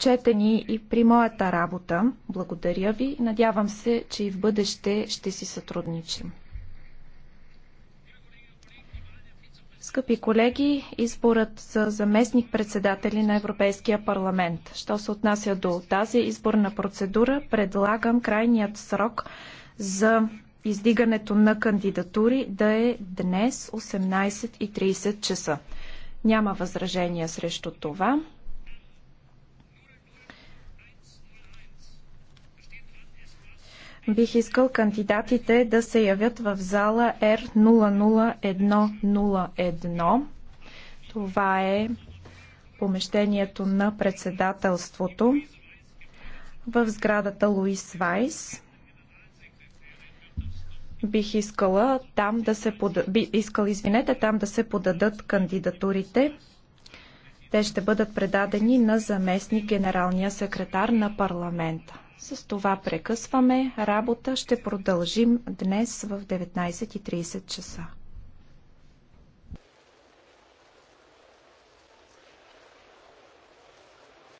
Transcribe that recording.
Четени и при моята работа. Благодаря ви. Надявам се, че и в бъдеще ще си сътрудничим. Скъпи колеги, изборът за заместник председатели на Европейския парламент. Що се отнася до тази изборна процедура, предлагам крайният срок за издигането на кандидатури да е днес 18.30 часа. Няма възражения срещу това. Бих искал кандидатите да се явят в зала R00101. Това е помещението на председателството в сградата Луис Вайс. Бих искала там да се подадат, би искал, извинете, там да се подадат кандидатурите. Те ще бъдат предадени на заместник генералния секретар на парламента. С това прекъсваме работа. Ще продължим днес в 19.30 часа.